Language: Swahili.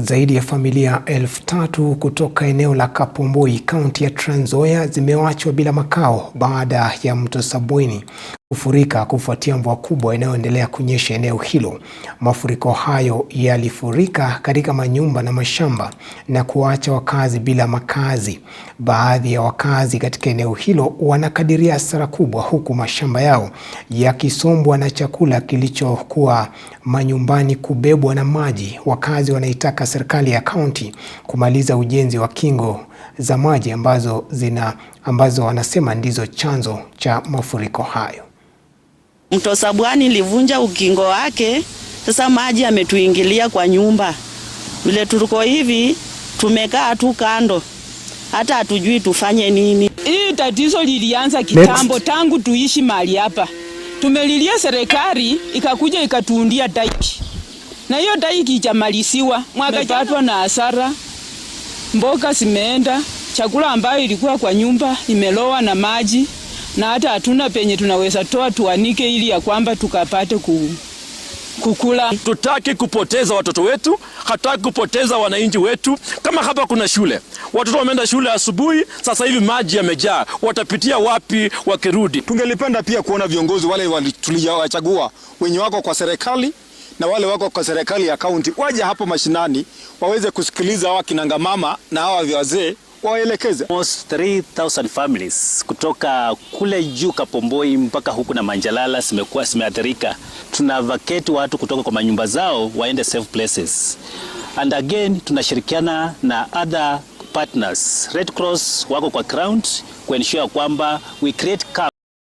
Zaidi ya familia elfu tatu kutoka eneo la Kapomboi, kaunti ya Trans Nzoia zimewachwa bila makao baada ya mto sabuini kufurika kufuatia mvua kubwa inayoendelea kunyesha eneo hilo. Mafuriko hayo yalifurika katika manyumba na mashamba na kuacha wakazi bila makazi. Baadhi ya wakazi katika eneo hilo wanakadiria hasara kubwa, huku mashamba yao yakisombwa na chakula kilichokuwa manyumbani kubebwa na maji. Wakazi wanaitaka serikali ya kaunti kumaliza ujenzi wa kingo za maji ambazo zina ambazo wanasema ndizo chanzo cha mafuriko hayo. Mto Sabwani ilivunja ukingo wake, sasa maji yametuingilia kwa nyumba. Vile tuko hivi, tumekaa tu kando, hata hatujui tufanye nini. Hii tatizo lilianza kitambo, tangu tuishi mahali hapa. Tumelilia serikali, ikakuja ikatuundia daiki, na hiyo taiki ijamalisiwa. mwaka, patwa na hasara, mboga zimeenda chakula ambayo ilikuwa kwa nyumba imelowa na maji, na hata hatuna penye tunaweza toa tuanike ili ya kwamba tukapate ku, kukula. Tutaki kupoteza watoto wetu, hataki kupoteza wananchi wetu. Kama hapa kuna shule, watoto wameenda shule asubuhi, sasa hivi maji yamejaa, watapitia wapi wakirudi? Tungelipenda pia kuona viongozi wale tuliowachagua wenye wako kwa serikali na wale wako kwa serikali ya kaunti waje hapo mashinani waweze kusikiliza hawa kinangamama na hawa wazee waelekeze almost 3000 families kutoka kule juu Kapomboi mpaka huku na Manjalala zimekuwa zimeathirika. Tuna vacate watu kutoka kwa manyumba zao waende safe places, and again tunashirikiana na other partners. Red Cross wako kwa ground kuensure kwamba we create